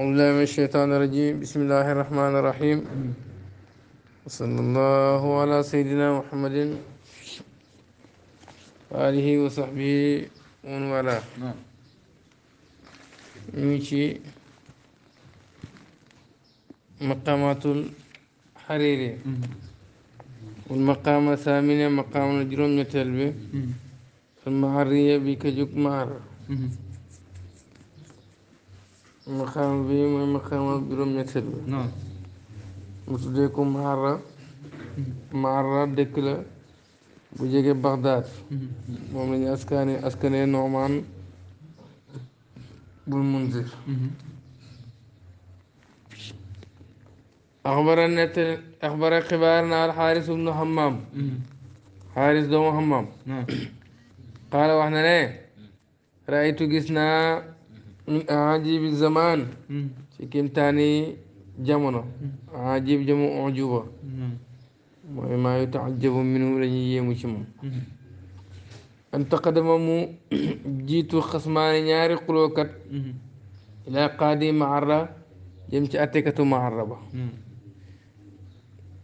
أعوذ بالله من الشيطان الرجيم بسم الله الرحمن الرحيم وصلى الله على سيدنا محمد وآله وصحبه ومن والاه نمشي مقامات الحريري والمقام الثامن مقام الجرم يتلبي المعرية بكجوك معر مقام بهم مقام بدون مثل نعم وتديكم مرة مرة ديكلا bu jege Bagdaad moom la ñu askaane askanee Nu'maan bul Munzir axbara nett axbara xibaar na alxaaris ibnu Hammaam xaaris doomu Hammaam qaala wax na ne raaytu gis naa عجيب الزمان سكيم تاني جمنا عجيب جمع أعجوبة ما يتعجب منه لن يمشم أنت قدمه جيتو خصمان نياري قلوكت إلى قادي معرة يمشي أتكتو معربة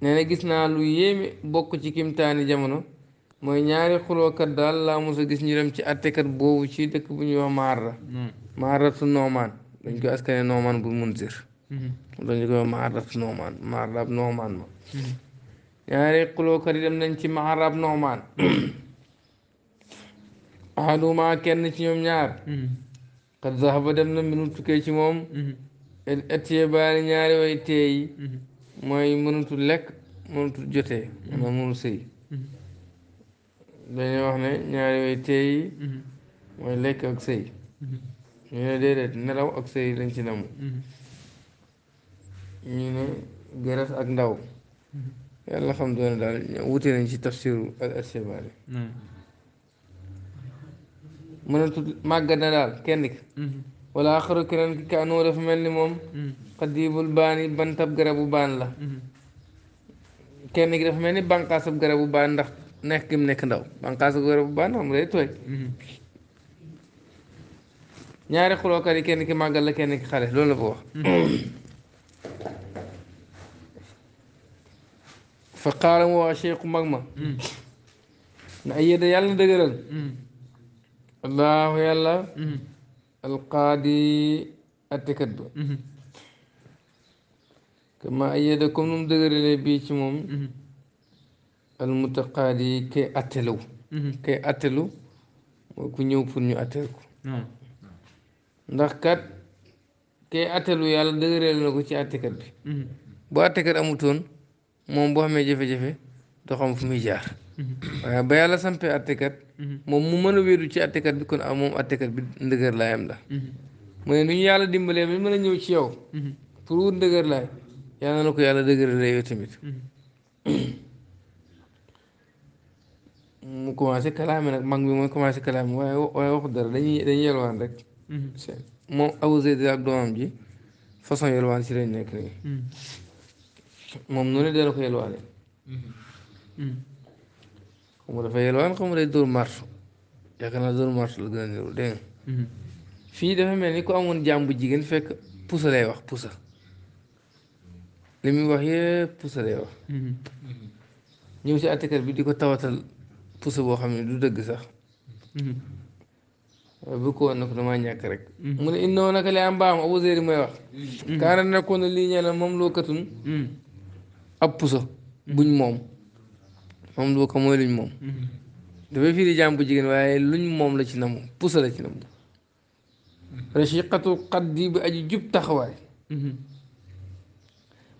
nee na لو يمي بوكو yéeme تاني جمنا mooy ñaari xulookat daal laa mos a gis ñu dem ci attekat boobu ci dëkk bu ñu wax Maarra. Maarratu hmm. Noomaan dañ koy askane Noomaan bu Munsir. Hmm. dañ koy wax Maarratu Noomaan Maarra ab Noomaan ma. Hmm. ñaari ci Maarra ab Noomaan. ahaduma kenn ci ñoom ñaar. ci moom. etiye way teey mooy mënutu lekk mënutu jotee. maanaam mënu sëy. dañoo wax ne ñaari way teey mhm. mooy lekk ak sëy mhm. ñu ne déedéet nelaw ak sëy lañ ci namu mhm. ñu ne geres ak ndaw yàlla xam doone daal wute nañ ci tafsiru al ashabaani mënatu màggat na daal kenn ki wala axaru keneen ki kaanoo dafa mel ni moom xadibul baani bantab garabu baan la kenn ki dafa mel ni banqaasab garabu baan ndax ne gi mu nekk ndaw bànqaas gu wér bu baax ndax mu day tooy ñaari xulookat yi kenn ki màggal la kenn ki xale fa xaaral mu wax mag ma na ay yedda yàlla na dëgëral allahu yàlla alqaadi attikat ba kama ay yedda comme nu mu dëgëralee moom almutaqaadi kay attelu mm-hmm. kay attelu mooy ku ñëw pour ñu attelu ko ndax kat kay attelu yàlla dëgëral na ko ci attekat bi mm-hmm. bu attekat amutoon moom boo xamee jafe-jafe doo fu muy jaar mm-hmm. waaye ba yàlla sampee attekat moom mu mën a wéeru ci attekat bi kon moom attekat bi ndëgër la mu ne nu ñu yàlla dimbalee ba mën a ñëw ci yow pour wut ndëgër yàlla na ko yàlla dëgëralee yow tamit mu commencé kalaame nag mag bi mooy commencé kalaame waaye waaye waxu dara dañuy dañuy yelwaan rek. Mhm. moom Abu Zayd ak doomam ji façon yelwaan si lañ nekk nii. Mhm. moom noonu dara ko yelwaane. Mhm. xam nga dafa yelwaan xam nga day dóor marto yaakaar naa dóor marto la gën a niru dégg nga. fii dafa mel ni ku amoon jàmbu jigéen fekk pusa lay wax pusa li muy wax yëpp pusa lay wax. ñëw si àttekat bi di ko tawatal. puso boo xam ne du dëgg sax mm-hmm. bu ko woon na ko damaa ñàkk rek mm-hmm. mu ne innoo naka li am baam Abu Zeyr mooy wax mm-hmm. kaana nekkoon na lii ñeena moom loo katun ab puso buñ moom moom loo ko mooy luñ moom dafay firi jaam jigéen waaye luñ moom la ci namu puso la ci namu rachiqatu xaddi bi aji jub taxawaay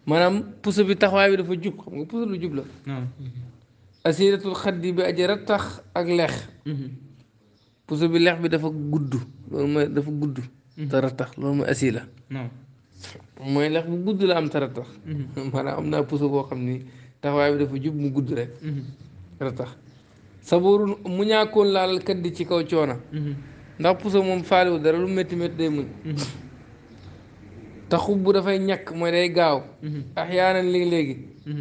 maanaam puso bi taxawaay bi dafa jub xam nga puso lu jub la ah. asiiratul xaddi bi aji rattax ak lex mhm. puso bi lex bi dafa gudd loolu mooy dafa gudd mhm. te rattax loolu mooy asiila mooy lex bu gudd la am te rattax mhm. maanaam am naa puso boo xam ni taxawaay bi dafa jub mu gudd rek rattax saburun mu ñaakoon laal kaddi ci kaw coona ndax puso moom faaliwu dara lu métti métti day muñ te xub bu dafay ñàkk mooy day gaaw axyaanan léegi-léegi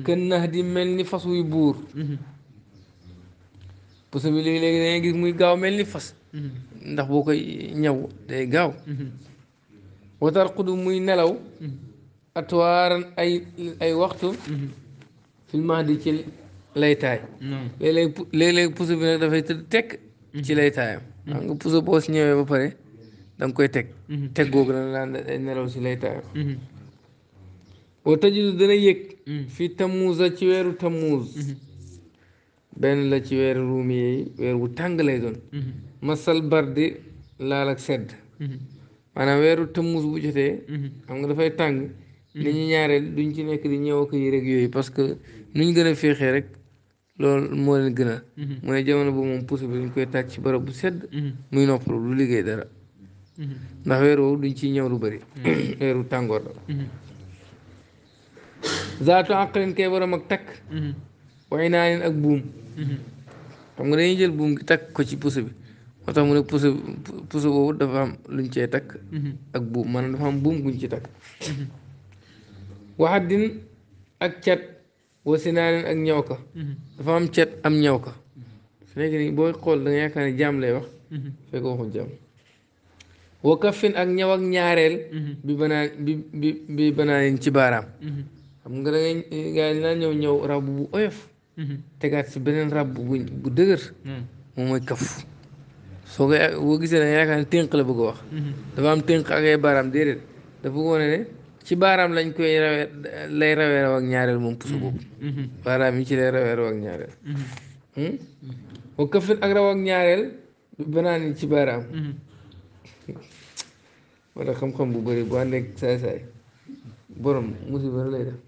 kën nax di mel ni fas wuy buur puso bi léegi-léegi da ngay muy gaaw mel ni fas mhm. ndax boo koy ñaw day gaaw mhm. watar xudu muy nelaw mhm. atwaaran ay ay waxtu filmen di ci laytaay léeg-léeg puso bi nag dafay tëdd tekk ci laytaayam xam nga puso boo si ñëwee ba pare da koy teg teg googu la nelaw si laytaayam wa tajidu dana yëg fi tamuusa ci weeru tamuus benn la ci weeru ruumi yi weer tàng lay doon mm-hmm. masal bardi laal ak sedd mm-hmm. maanaam weeru tëmmus bu jotee mm-hmm. xam nga dafay tàng nit ñi ñaareel duñ ci nekk di ñëw ak yi rek yooyu parce que nuñ gën a féexee rek loolu moo leen gën a mu ne jamono boobu moom puso bi duñ koy tàcc ci barab bu sedd muy noppalu lu liggéey dara ndax weer woowu duñ ciy ñëw lu bëri weeru tàngoor la zaatu àqrin kay borom ak takk way naa leen ak buum xam nga dañuy jël buum gi takk ko ci puso bi moo tax mu ne puso puso boobu dafa am luñ cee takk ak buum maanaam dafa am buum guñ ci takk waxat din ak cat wasinaanen ak ñaw ka dafa am am ñaw ka su xool da yaakaar ne jaam wax fekk ak ñaw ak ñaareel bi banaan bi bi banaanin ci baaraam xam nga da ngay gaa yi ñëw ñëw rab bu oyof Mm-hmm. tegaat si beneen rab bu bu dëgër mm. moom mooy kaf soo koy boo gisee da nga tënk la bëgg a wax mm-hmm. dafa am tënk ak ay baaraam déedéet dafa wane ne ci baaraam lañ koy rawee raw ak ñaareel moom puso boobu mm-hmm. baaraam yi ci kafin hmm? ak raw ak ñaareel banaan ci baaraam wala xam-xam bu bëri bu ànd saay-saay borom musiba lay def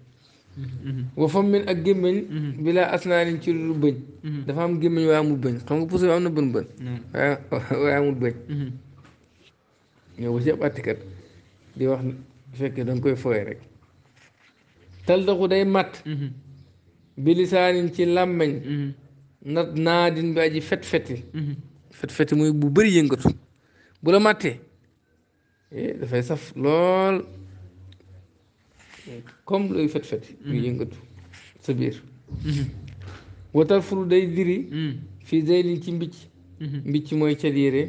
Mm-hmm. wa fam ak gémmiñ mm-hmm. bila asnaanin ci lu bëñ mm-hmm. dafa am gémmiñ waaye amul bëñ xam nga puso am na bën bën waaye amul bëñ ñoo ba ci àttikat di wax fekkee da koy fooye rek taldaxu day mat bi ci làmmeñ nat naadin bi aji fet feti fet feti muy bu bëri yëngatu bu la màttee eh, dafay saf lool comme looy fet-feti luy mm-hmm. yëngatu sa biir mm-hmm. watar furu day diri mm-hmm. fii day lin ci mbicc mbicc mooy cal yére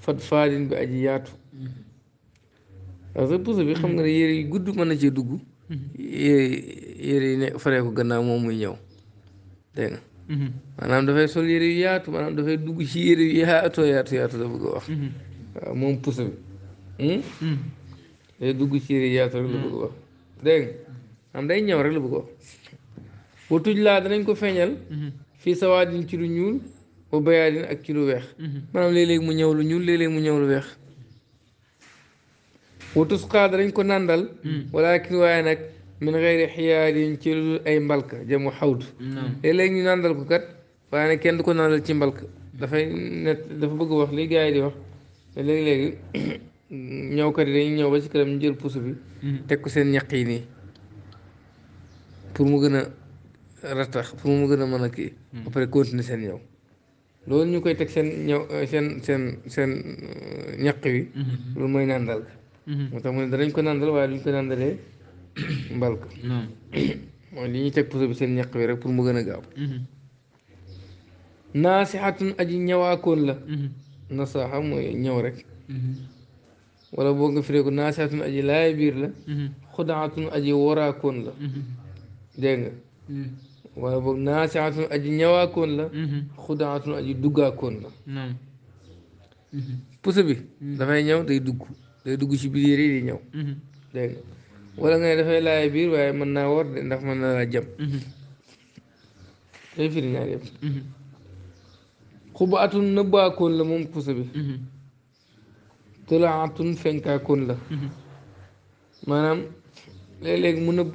fat faadin bi aji yaatu parce que puso bi xam nga ne yére yu gudd man na cee dugg yére yi ne faree gannaaw moom muy ñëw dégg nga sol yére yu yaatu maanaam dafay dugg ci yére yu yaatoo yaatu yaatu la bëgg wax moom puso hmm? day dugg ci yére yu yaatu rek la wax dégg am day ñëw rek la bëgg wax wutuj laa danañ ko feeñal mhm. fii sawaadin ci lu ñuul bu bayaadin ak ci lu weex mhm. maanaam léeg-léeg mu ñëw lu ñuul léeg-léeg mu ñëw lu weex wutus xaa danañ ko nàndal mhm. walakin waaye nag min xeyri xiyaadin ci lu ay mbalk jëmu xawd léeg-léeg ñu nàndal ko kat waaye nag kenn du ko nàndal ci mbalk dafay net dafa bëgg wax li gars yi di wax léegi-léegi ñëwkat yi dañuy ñëw ba ci këram ñu jël bi. Mm-hmm. teg ko seen ñaq yi nii pour mu gën a ratax pour mu gën a mën a kii. Mm-hmm. ba pare seen ñëw loolu ñu koy teg seen ñëw eh, seen seen seen eh, ñaq wi. Mm-hmm. loolu mooy nàndal. moo tax mu ne danañ ko nàndal waaye duñ ko nàndalee mbalk. mooy li teg puso bi seen ñaq wi rek pour mu gën a gaaw. naasixatun aji ñëwaakoon la. nasaaxa mooy ñaw rek. wala boo nga firee ko naasihatun aji laay biir la mhm. xudaatun aji waraakoon la mhm. dégg nga mhm. wala boog naasihatun aji ñawaakoon la xudaatun aji duggaakoon la puso bi dafay ñëw day dugg day dugg ci biir yi di ñëw dégg nga wala nga ne dafay laay biir waaye mën naa war de ndax mën na laa jam day firi ñaar yëpp xubaatun nëbbaakoon la moom puso bi tulaatun fenkaakoon la mhm. maanaam léeg-léeg mu nëbb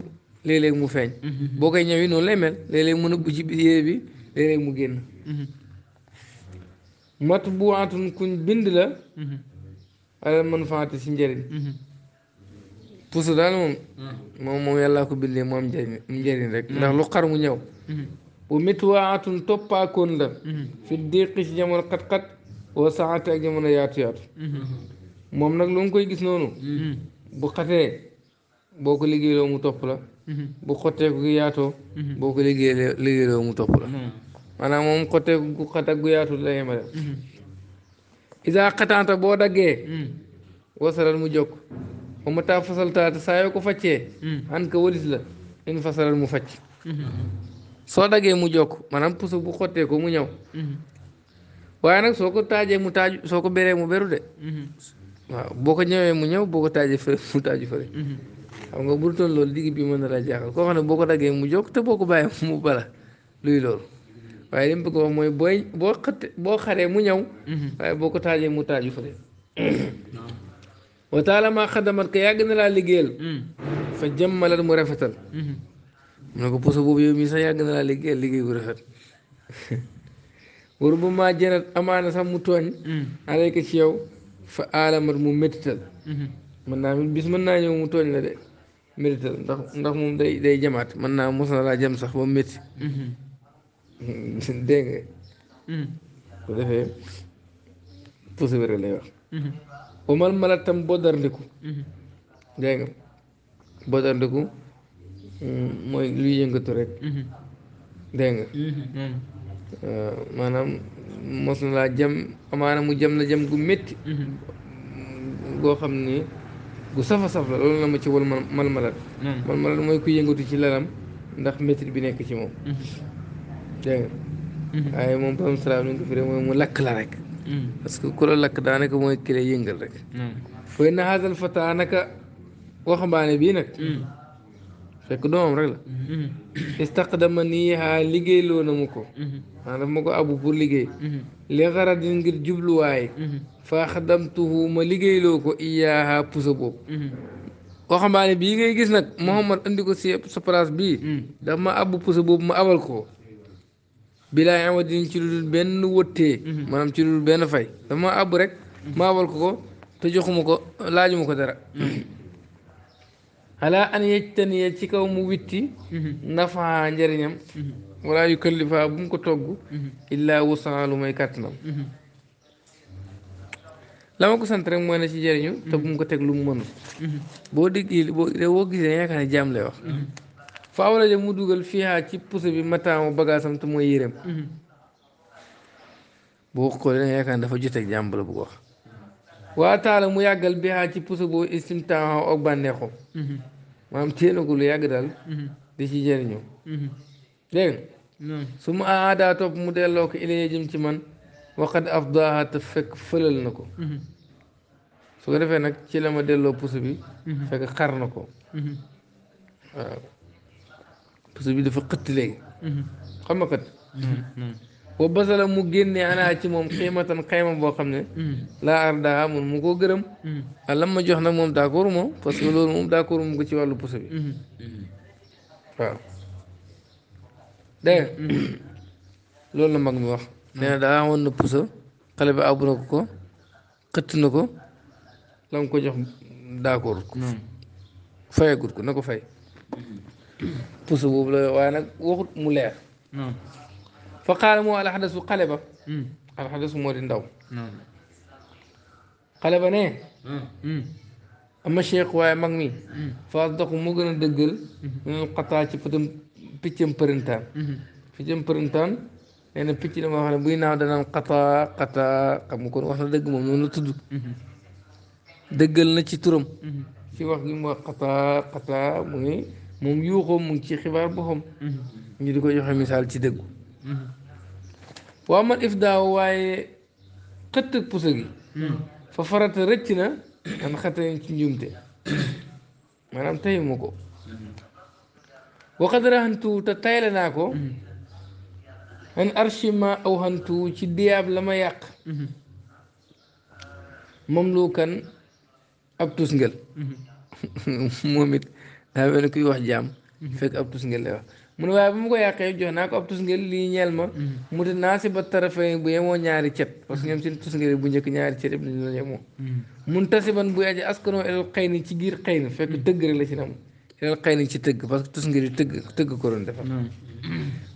léeg-léeg mu feeñ mhm. boo koy ñëwi noonu lay mel léeg-léeg mu nëbb ci yére bi léeg mu génn mhm. matbuatun kuñ bind la alal man faate si njëriñ puso daal moom ah. moom moom yàllaa ko bindee mu am njëriñ njëriñ rek ndax lu xar mu ñëw bu mitwaatun toppaakoon la fi diiqi ci jamono xat-xat wa saxaate ak jamono yaatu yaatu moom nag lu koy gis noonu hmm. bu xatee boo ko liggéeyloo mu topp la hmm. bu xotteeku hmm. boo ko liggéey mu topp la maanaam moom xotteeku gu xat ak gu yaatu la yemale isaa boo daggee mu jokk ba ma taa fasal taata saa ko faccee la in mu facc soo daggee mu jokk maanaam puso bu xottee ko mu ñëw waaye nag soo ko taajee mu taaju soo ko beree mu beru de waaw boo ko ñëwee mu ñëw boo ko taajee fële mu taaju fële mhm. xam nga bu dutoon loolu digg bi mën na laa jaaxal koo xam ne boo ko daggee mu jóg te boo ko bàyyee mu bala luy loolu waaye mu bëgg wax mooy booy boo xate boo xaree mu ñëw mhm. waaye boo ko taajee mu taaju fële wa taala maa ko yàgg na laa liggéeyal mm. fa jëmmalal mu rafetal mhm. mu ne ko poso boobu yow mii sax yàgg na laa liggéeyal liggéey bu rafet waru ba maa jënat amaana sax mu tooñ mm. alayka ci yow fa aalamat mu métital mhm. mën naa bis mën naa ñëw mu tooñ la de métital ndax ndax moom day day jamaat mën naa mos na laa jëm sax ba métti mhm. dégg nga bu mhm. defee pousse wér lay wax umal mala tam bodarndiku dégg nga bodarndiku mm, mooy luy yëngatu rek dégg euh, maanaam mos na laa jëm amaana mu jëm la jëm gu métti mhm. goo xam ne gu safa saf la loolu la ma ci wal malmalat malmalat mooy ku yëngatu ci lalam ndax métti bi nekk ci moom mhm. dégg nga mhm. waaye moom borom salaam ni ko firee mooy mu lakk la rek parce ku la lakk daanaka mooy ki lay yëngal rek fooy na haasal fataa waxambaane bii nag fekk doomam rek la mm-hmm. istaqdama nii haa liggéey loo na mu ko maa mm-hmm. daf ma ko abu pour liggéey mm-hmm. li xaradin ngir jubluwaay fa xadamtuhu ma liggéey loo ko iyaaha pusa boobu waxambaane bii ngay gis nag Muhammad indi ko si sa place bii daf ma abu pusa boobu ma abal ko bilaa ama din ci dul benn wëttee maanaam ci dul benn fay daf ma abu rek ma abal ko ko te joxuma ko laajuma ko dara ala an yejtaniya ci kaw mu witti mhm. nafa njëriñam mhm. wala yu kallifa bu mu ko togg mhm. illaa wusaa lu may kàttanam la ko sant rek mooy na ci jëriñu te bu mu ko teg lu mu mënul boo déggee boo gisee yaakaar ne jaam wax fa awla ja mu dugal fiihaa ci pousse bi mataamu bagaasam te mooy yéreem boo xoolee da yaakaar ne dafa joteeg jàmm la wax waa taala mu yàggal biihaa ci pousse boobu istimtaaxoo ak bànneexoo maanaam téye na ko lu yàgg daal. Mhm. di ci jëriñoo. Mhm. dégg nga. su ma aadaa topp mu delloo ko ilayee jëm ci man waxat afdaaha te fekk fëlal na ko. Mhm. su ko defee nag ci la ma delloo puso bi. fekk xar na ko. waaw bi dafa xëtt léegi. xam nga xëtt. wa basala mu génne ana ci moom xiimatan xayma boo xam ne mm. laa ar daa mun mu koo gërëm mm. a ah, lam ma jox nag moom d'accord moom parce que loolu moom d'accord ko ci wàllu puso bi mm. waaw dégg xale bi àbbu na ko xëtt na ko lam ko jox d'accord ko fayagut ko na ko fay puso boobu la waaye nag waxut mu leer fa qaala moo alxadasu xale ba alxadasu moo di ndaw xale ba ne ama cheikh waaye mag mi fa asdaqu moo gën a dëggal minal xataa ci pëtam piccam përintaan piccam përintaan na picc dama wax ne buy naaw danaan xataa xataa xam nga kon wax na dëgg moom noonu tudd dëggal na ci turam ci wax gi mu wax xataa mu ngi moom yuuxoo mu ci xibaar boppam ñu di ko joxe misaal ci dëggu Mm-hmm. waa man ifdaaw waaye xëtt ak puso gi mm-hmm. fa farata rëcc na an xata ci njuumte maanaam tayuma ko mm-hmm. waxad raxantu te tayle naa ko an archima aw xantu ci diyaab la ma yàq mamlukan ab tusngel moom it daa mel ne kuy wax jaam fekk ab tusngel lay mu ne waaye bu ma ko yàqee jox naa ko ab tusngel lii ñeel ma mm-hmm. mu te naa si ba tarafay bu yemoo ñaari cet parce que ñoom seen tusngel bu njëkk ñaari cet yëpp dañu la yemoo mm-hmm. mun tasiban buy aji askanoo elal xëy ni ci giir xëy ni fekk mm-hmm. tëgg rek la ci nam elal xëy ni ci tëgg parce que tusngel yi tëgg tëgg ko doon defar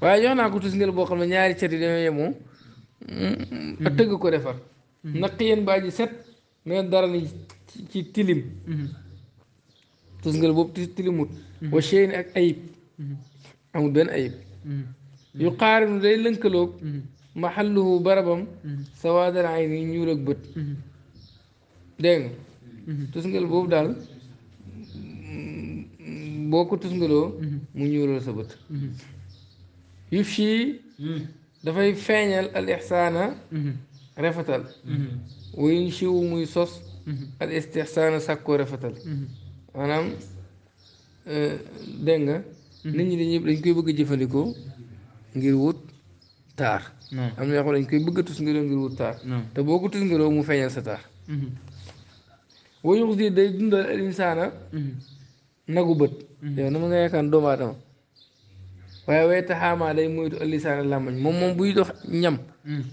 waaye jox naa ko tusngel boo xam ne ñaari cet yi dañoo yemoo a tëgg ko defar naq yéen ba aji set mais dara ni ci tilim tusngel boobu tilimut wa cheyn ak ayib عمودين أيب يقارن ذي لنكلوب محله بربم سواد العين يولك بت دين تسنجل بوب دال بوكو تسنجلو منيول سبت يفشي دفاي فينال الإحسان رفتل وينشي وميصص الاستحسان سكو رفتل أنا آه، دينغ nit ñi dañ koy bëgg jëfandikoo ngir wut taar am na yoo xam dañ koy bëgg a tusngaloo ngir wut taar te boo ko tusngaloo mu feeñal sa taar mm-hmm. wayux si day dundal al insaana mm-hmm. nagu bët mm-hmm. yow na ma nga yaakaar doomu aadama waaye way taxaamaa day moytu al insaana làmmañ moom moom buy dox ñam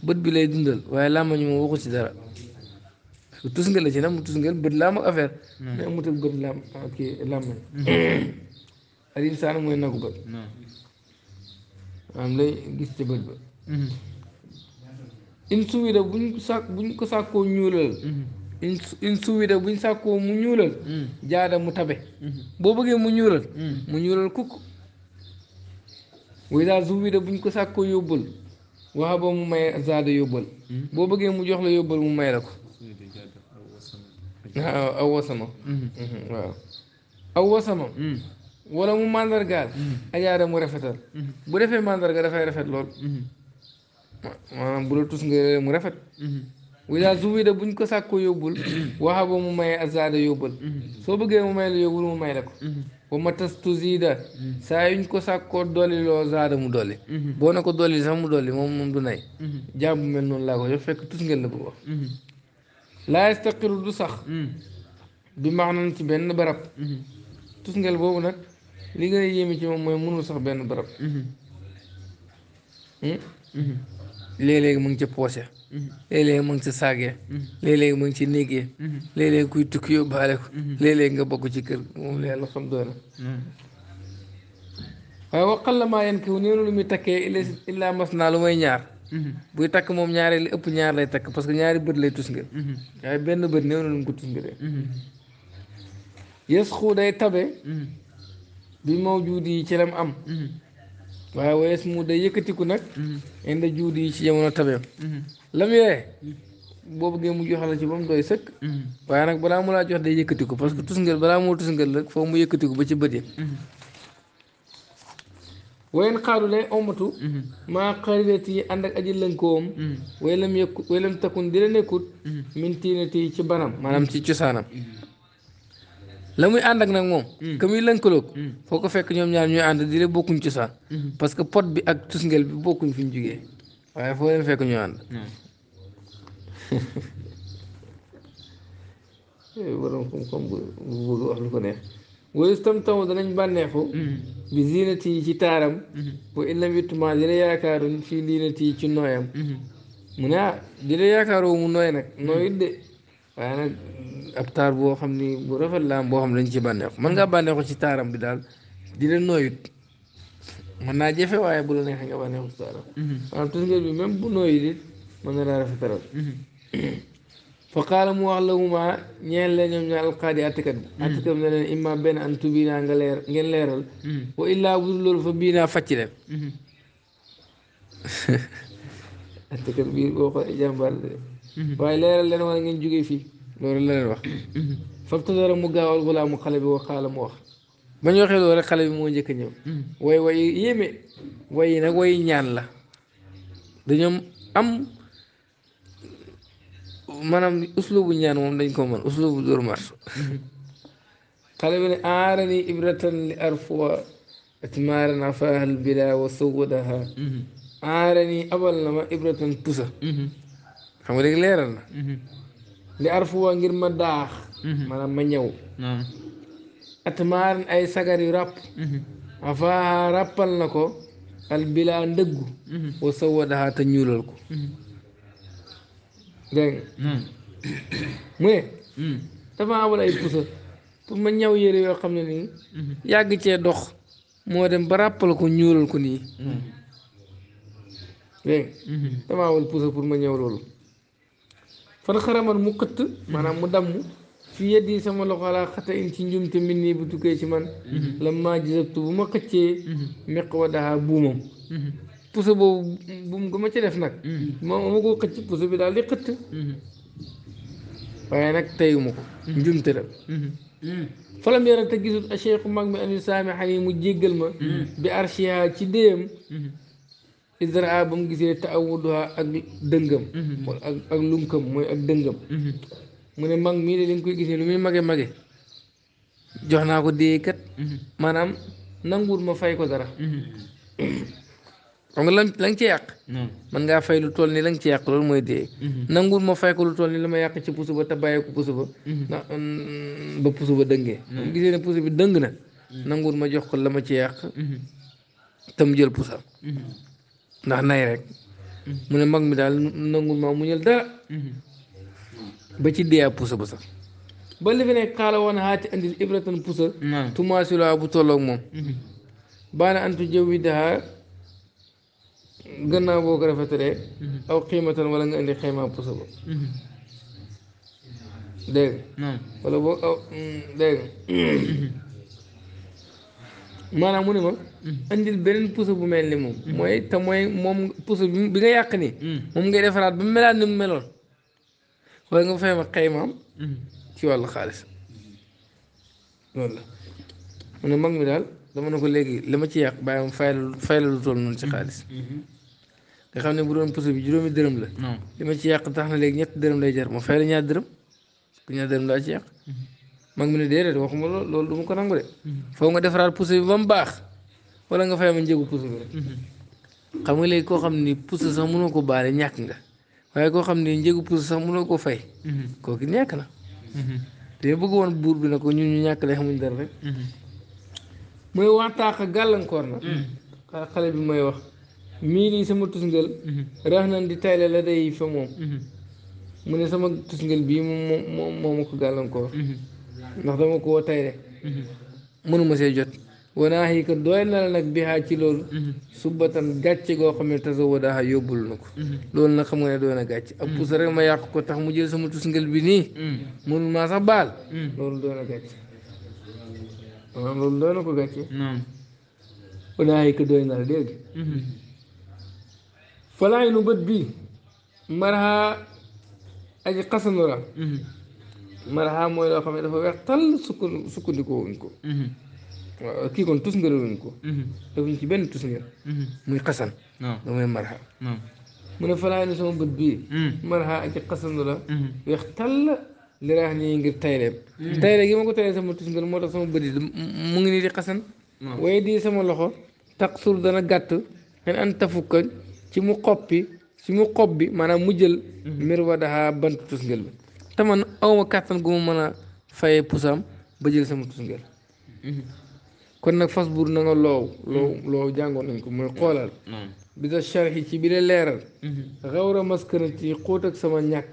bët bi lay dundal waaye làmmañ moom waxu ci dara su la ci nag mu tusngal bët laa mag affaire mais amutal bët ah, làmm al insaanu mooy nagu bët am lay gis ca bët ba mm-hmm. in suwida buñ ko sàkk buñ ko sàkkoo ñuulal mm-hmm. in suwida buñ sàkkoo mu ñuulal mm. jaada mu tabe mm-hmm. boo bëggee mu ñuulal mm. mu ñuulal kukk way daal suwida buñ ko sàkkoo yóbbal waxa ba mu may zaada yóbbal mm. boo bëggee mu jox la yóbbal mu may la ko aw wasama waaw aw wasama wala mu màndargaal mm-hmm. ajaara mu rafetal mm-hmm. bu defee màndarga dafay rafet lool mm-hmm. maanaam bu la tus mu rafet wila zuwida buñ ko sàkkoo yóbbul waxa ba mu may azada yóbbal soo bëggee mu may la yóbbul mu may la ko ba ma tas saa yuñ ko sàkkoo dolli loo zaada mu dolli boo ko dolli sax mu dolli du nay jàmm mel noonu laa ko fekk tus ngeen la bëgg wax laa yastaqiru du sax bi max nan ci benn barab tus boobu nag li gën a yéeme ci moom mooy mënul sax benn barab mhm. Hmm? Mhm. léeg-léeg mu ngi ci poose mhm. léeg-léeg mu ngi ci saagee léeg-léeg mu ngi ci néegee léeg-léeg kuy tukki yóbbaale ko léeg-léeg nga bokk ci kër moom la yàlla xam doona la maa yen neenu lu muy takkee illaa mas naa lu may ñaar buy takk moom ñaari li ëpp ñaar lay takk parce que ñaari bët lay tus nga waaye benn bët neenu lu mu ko tus de yës xuu day tabe bi mawjuud yi ci lam am mm-hmm. waaye wees mu day yëkkatiku nag mm-hmm. indi juud ci jamono tabeem mm-hmm. lam yee boo bëggee mu jox ci ba mu doy sëkk waaye nag balaa mu laa jox day yëkkatiku parce que tusngal balaa moo tusngal rek foo mu yëkkatiku ba ci bët ya wayen xaadu lay omatu maa xaridat yi ànd ak aji lënkoom way lam takkun di la nekkut min tiinati ci banam maanaam ci cosaanam la muy ak nag moom. que mm. muy lënkaloog. Mm. foo ko fekk ñoom ñaar ñuy ànd di bokkuñ ci sax. Mm. parce que pot bi ak tusngel bi bokkuñ fi ñu jugee waaye foo leen fekk ñu ànd. Eh, borom xam-xam bu bëgg wax lu ko bi ziinati yi ci taaram. bu illa wittement dina yaakaaruñ fii liinati yi ci nooyam. mu ne ah yaakaaroo mu nooy nag nooy de. waaye nag mm, ab taar boo xam ni bu rafet la boo xam ne dañ ci bànneexu man ngaa bànneexu ci taaram bi daal di la nooyut mën naa jafe waaye bu la neexee nga bànneexu ci taaram mhm. maanaam tusngeer bi même bu nooyut it mën na laa rafetaral mhm. fa qaala wax la huma ñeen leeral mhm. wa illaa budul loolu fa biinaa facc leen attikat bi boo ko jàmbaar Mhm. waaye leeral leen ngeen jógee fii loolu la wax mhm. fab tadara mu gaawal wala mu xale bi wax xaala mu wax ba ñu waxee loolu rek xale bi moo njëkk a ñëw mhm. way way yéeme way nag way ñaan la dañoo am maanaam uslubu ñaan moom dañ ko mën uslubu dóor mars xale bi ne aarani ibratan li arfuwa atmaaran afahal bila wa sawadaha aarani abal na ma ibratan pusa xam nga léegi leeral na mhm. li arfuwa ngir ma daax mhm. maanaam ma ñëw atmaaran ay sagar yu ràpp mhm. afaa ràppal na ko albilaa ndëggu wa sawadaha te ñuulal ko mu ne dafa amul ay pusa pour ma ñaw yére yoo xam ne nii yàgg cee dox moo dem ba ràppal ko ñuulal ko nii dégg dafa amul pusa pour ma ñëw loolu fan xaraman mu xëtt maanaam mu damm fii yedd yi sama loxo laa xata in ci njumte min nii bu tukkee ci man la maa gisabtu bu ma xëccee meq wa daha buumam puso boobu buum ga ma ci def nag moom ama koo xëcc puso bi daal di xëtt waaye nag tayuma ko njumte la falam yara te gisul a cheikhu mag mi ani saami xani mu jéggal ma bi archiha ci déyam isra ba mu gisee te awuduha ak dëngam mhm. ak ak lunkam mooy ak dëngam mhm. mu ne mag mii de li nga koy gisee lu muy mage mage jox naa ko déye kat mhm. maanaam nanguwul ma fay ko dara xam lan la nga ci yàq man ngaa fay lu toll nii lañ nga ci yàq loolu mooy dee nanguwul ma fay ko lu toll ni la ma yàq ci pusu ba te bàyyi ko pusu ba ndax mm, ba pusu ba dënge mu gisee ne pusu bi dëng na nanguwul ma jox ko la ma ci yàq te mu jël pusam ndax nay rek mu ne mag mi daal nangul ma muñal dara ba ci dee ab pusa ba sax ba li fi nekk xaala woon xaati andil ibratan pusa tumaasila bu tolloog moom mhm. baana antu jëw wi daxaa gannaaw boo ko rafetalee mhm. aw xiimatan wala nga indi xaymaa pusa ba mhm. dégg mm, maanaam mu ne ma Mm-hmm. andil beneen puso bu mel ni moom mm-hmm. mooy te mooy moom puso bi nga yàq ni mm-hmm. moom ngay defaraat ba melaat ni mu meloon wala nga fay ma xaymaam ci wàllu xaalis loolu la mu mag mi daal dama ne ko léegi li ma ci yàq bàyyi moom fay la fay ci xaalis xam ne bu doon puso bi juróomi dërëm la li ma ci yàq tax na léegi ñetti lay jar ma fay la ñaar dërëm ku ñaar laa ci yàq mag mi ne déedéet waxuma loolu loolu du ko nangu de foo nga defaraat puso bi ba mu baax wala nga fay ma njëgu puso bi rek mhm. xam nga léegi koo xam ni puso sax mënoo ko baale ñàkk nga waaye koo xam ni njëgu puso sax mënoo ko fay mhm. kooku ñàkk na te mhm. bëgg woon buur bi na ko ñun ñu ñàkk la xamuñ dara rek mooy waxtaax gàllankoor na ah, xale bi may wax mii nii sama tusngal rax nan di tayle la day fa moom mu ne sama tusngal bii moom moom moo ma ko gàllankoor ndax dama koo tayle mënuma see jot wanaa yi que doy na la nag bihaa ci loolu mhm. subbatan gàcce goo xam ne taso wadaaxa yóbbul na ko mhm. loolu nag xam nga ne doon a gàcce ak mhm. pousa rek ma yàq ko tax mu jël sama tusngal bi nii mënul maa sax baal loolu doon na gàcce wanaa yi que doy na la dégg falaay nu bët bi maraha aji xasanu la maraha mooy loo xam ne dafa weex tal sukkandikoo wuñ ko kii kon tus ngelaluñ ko. Mhm. defuñ ci benn tus ngel. Mhm. muy xasan. waaw damay marxa. mu ne falaa ni sama bët bii. Mhm. marxa ak i xasan la. weex tàll li nii ngir tayleeb. tayle gi ma ko taylee sama tus ngel moo tax sama mu ngi nii di xasan. sama loxo. taqsur dana gàtt. xen an tafukka ci mu xoppi ci mu xob bi maanaam mu jël. mbir wa bant tus bi. te man kàttan gu ma mën a fayee pusam ba jël sama tus kon nag fas buur na nga loow mm-hmm. loow loow jàngoon nañ ko mooy mm-hmm. xoolal mm-hmm. bi da sharxi ci bi la leeral xawra maskanati xóot ak sama ñakk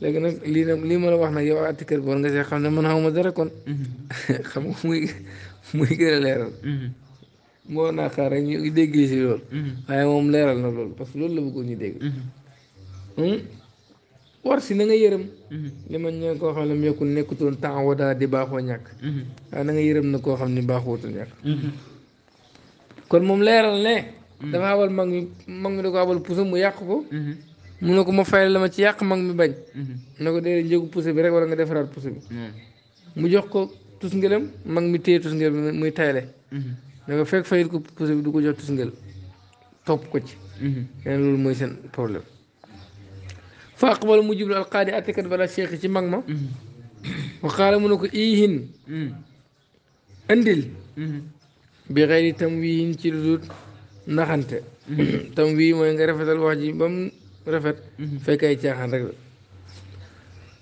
léegi nag lii nag lii ma la wax nag yow atti kër boor nga see xam ne man xawma dara kon xam nga muy muy gën a leeral moo naa xaar rek ñu dégg si loolu waaye moom leeral na loolu parce que loolu la bëggoon ñu dégg hmm? war si na nga yërëm mhm. li ma ñeen koo xam ne mu yokkul nekkutoon temps daal di baaxoo ñàkk mhm. waaye na yërëm na koo xam ni baaxootu ñàkk mhm. kon moom leeral ne dafa abal mag mi mag mi da ko abal puso mu yàq ko mun ne ko ma fayal la ma ci yàq mag mi bañ na ko dee njëgu puso bi rek wala nga defaraat puso bi mu jox ko tus ngelam mag mi téye tus ngelam muy tayle na ko fekk fayil ko puso bi du ko jox tus ngel topp ko ci leen loolu mooy seen problème fa aqbala mu jublu alqaadi attekat bala cheikh ci mag ma mm-hmm. wa qaala mu ne ko ihin mm-hmm. andil mm-hmm. bi xëyri tam wiin ci lu dul naxante tam wii mooy nga rafetal wax ji ba mu rafet fekk ay caaxaan rek la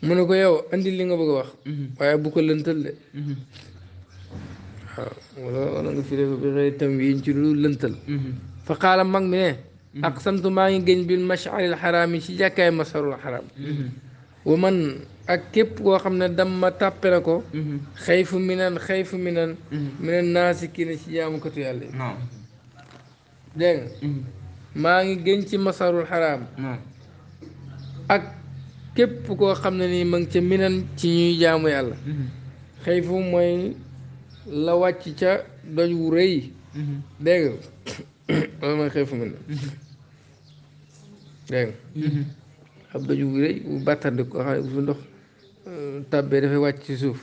mu ne ko yow andil li nga bëgg a wax waaye bu ko lëntal de waaw wala nga firee ko bi xëyri tam wiin ci lu dul lëntal fa qaala mag mi aqsamtu maa ngi géñ bil mash'aril xaraam yi ci jàkkaay masharul xaraam wa man ak képp koo xam ne damma tàppe na ko xayfu minan xayfu minan minan naasi kii ne ci jaamukatu yàlla yi dégg maa ngi géñ ci masharul ak képp koo xam ne ma ngi ca minan ci ñuy jaamu la wàcc ca doj wu rëy dégg nga loolu mooy xayfu minan dégg nga ab doju bu rëy bu bàttardi ko xam ne bu ndox euh, tàbbee dafay wàcc ci suuf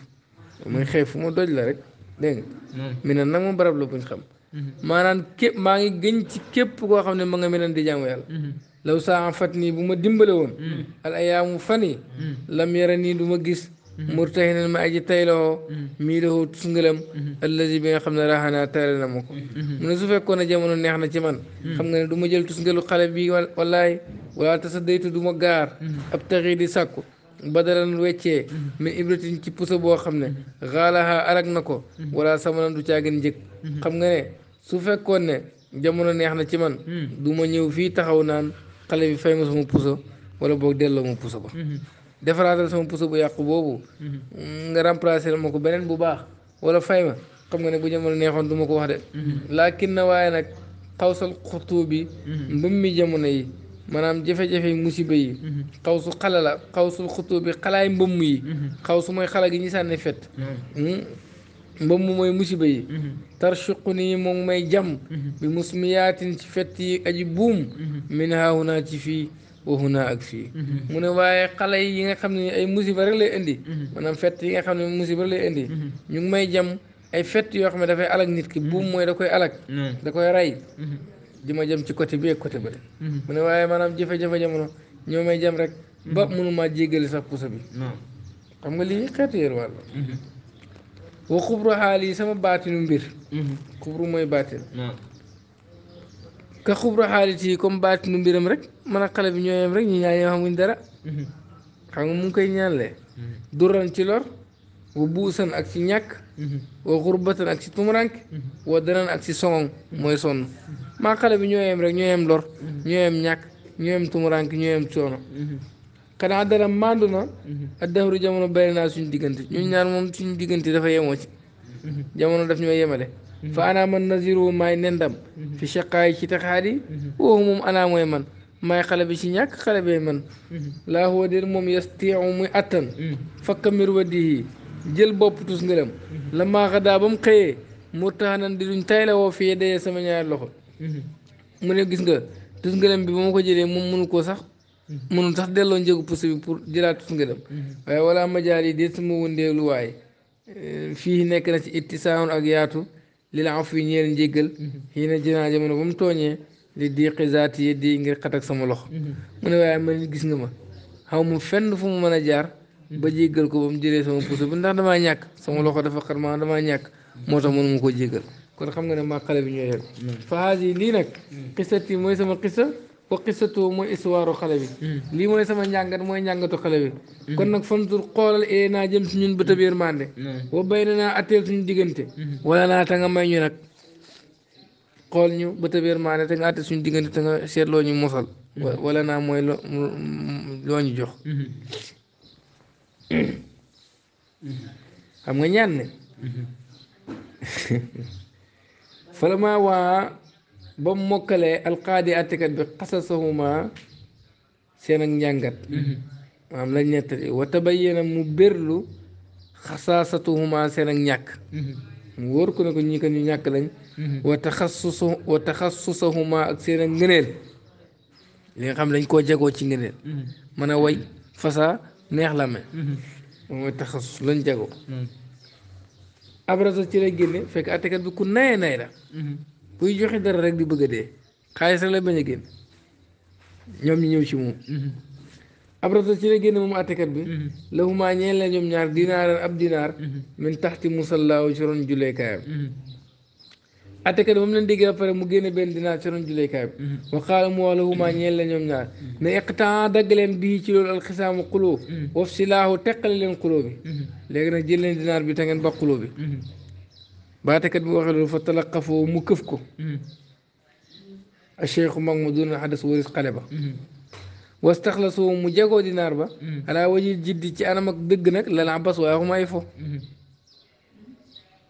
muy xëy fu ma doj la rek dégg nga minan nag moom barab la buñ xam mhm. maanaam képp maa ngi gëñ ci képp koo xam ne ma nga minan di jaamu yàlla mhm. law saa am fat nii bu ma dimbale woon mhm. fan yi lam yara nii du gis Mm-hmm. murtahinan ma aji tayloo mm-hmm. mii lahu sungalam mm-hmm. allazi bi nga xam ne raxanaa tayla na ma ko mu ne su fekkoon ne jamono neex na ci man xam nga ne du ma jël tusngalu xale bi wallaay wala tasaddaytu du ma gaar ab taxi di sàkku badalan weccee min ibratin ci puso boo xam ne xaalaha arag na ko wala samanan du caagin njëg xam nga su fekkoon ne jamono neex na ci man du ma ñëw fii taxaw naan xale bi fay ma sama puso wala boog delloo ma puso ba defaraatal sama puso bu yàqu boobu. Mm-hmm. nga remplacer ma ko beneen bu baax wala fay xam nga ne bu jamono neexoon duma ko wax de. Mm-hmm. laakin na waaye nag xawsal xurtu bi. Mm-hmm. mbëm mi jamono yi maanaam jafe-jafe musiba yi. xawsu xala la xawsul xurtu bi xalaay mbëmm yi. xawsu mooy xala gi ñu sànni fet. mbëmm mm? mooy musiba yi. tarchuqu nii moom may jam. bi musmiyaatin ci fet yi aji buum. min haahunaa ci fii. waxu naa ak fii mhm. mu ne waaye xale yi nga xam ne ay musiba rek lay indi mhm. maanaam fett yi nga xam ne musiba rek lay indi mhm. ñu ngi may jam ay fett yoo xam ne dafay alag nit ki buum mooy da koy alag da koy rey di ma jëm ci côté bi ak côté ba mu ne waaye maanaam jafe-jafe jamono ñoo may jëm rek ba mënumaa jéggale sax puso bi xam nga lii xeetu yéen wàll wa xubru xaal sama baatinu mbir xubru mooy baatin ka xubru xaalit yi comme baatinu mbiram rek man a xale bi ñooyam rek ñu ñaar ñoo xamuñ dara mhm. xam nga mu ngi koy ñaanle mhm. duran ci lor wa buusan ak ci ñàkk mhm. wa xurbatan ak ci tumurank wa danan ak ci soŋoŋ mooy sonn maa xale bi ñooyam rek ñoo ñooyam lor ñooyam ñàkk ñooyam tumurank ñooyam coono xanaa dara mandu na ak dafru bari naa suñu diggante ñun ñaar moom suñu diggante dafa yemoo ci jamono daf ñoo yemale Mhm. fa ana man naziru maay nendam mhm. fi shaqaay ci texaat yi woo moom ana man maay xale bi ci ñàkk xale bee man mhm. laa huwa déet moom yastiicu muy attan fakka mir dihi jël bopp tus ngëlam la maa ba mu xëyee murtaxanan di duñ tay la woo fii dayee sama ñaari loxo mu ne gis nga tus ngëlam bi ba ma ko jële moom mënu koo sax mënul sax delloo njëgu puso bi pour jëlaat tus ngëlam waaye wala majaal yi déet sama wëndeelu waaye fii nekk na ci ittisaawoon yaatu li la am fii ñeel njéggal mhm. xii na jinaa jamono ba mu tooñee li diqi yi di ngir xat ak sama loxo mhm. mu ne waaye man gis nga ma xaw ma fenn fu mu mën a jaar ba mhm. jéggal ko ba mu jëlee sama puso bi ndax damaa ñàkk sama loxo dafa xar maa damaa ñàkk moo tax mënuma koo jéggal kon xam nga ne maa xale bi ñoo yegg fahaas yi lii nag xisat yi mooy sama xisa wa qisatu mooy istuwaaru xale bi hmm. lii mooy sama njàngat mooy njàngatu xale bi hmm. kon nag fandur xoolal ee eh, naa jëm su ñun bët ab yërmande hmm. wa bay na naa atteel suñu diggante wala naa nga may ñu nag ñu bët ab yërmande te nga diggante nga seetloo ñu mosal wala naa mooy loo ñu jox xam nga ñaan ne fala waa ba mu mokkalee alqaadi attikat bi xasasahuma seen ak njàngat maanaam mm-hmm. lañ nettali wa tabayyana mu bérlu xasaasatuhuma seen ak ñàkk mm-hmm. mu wóor ko ne ko ñi ko ñu ñàkk lañ mm-hmm. wa su wa taxassusahuma ak seen ak ngëneel li xam lañ koo jagoo ci ngëneel mën a way fasa neex la me mooy taxasus lañ jagoo abrasa ci la génne fekk attikat bi ku naye nay la buy joxe dara rek di bëgg a dee xaalis rek la bañ a génn ñoom ñu ñëw ci moom mm-hmm. abrata ci la génn moom àttekat bi la mm-hmm. lahumaa ñeel la ñoom ñaar dinaaran ab dinaar mm-hmm. min taxti musallaaw ci ron julleekaayam àttekat bi moom leen déggee ba pare mu génn benn dinaar ci ron julleekaay bi wa qaala mu wax lahumaa ñeel la ñoom ñaar ne iqtaa dagg leen bii ci loolu alxisaamu xuloo waf silaahu teqale leen xuloo bi léegi nag jël leen dinaar bi te ngeen ba xuloo bi baatekat bi waxee loolu fa talaqafoo mu këf ko mm-hmm. a cheikhu mag mu duna xadas waris xale ba mm-hmm. wastaxlasoo mu jagoo dinaar ba mm-hmm. alaa waji jiddi ci anam dëgg nag lal abbas waaye waxuma ay fo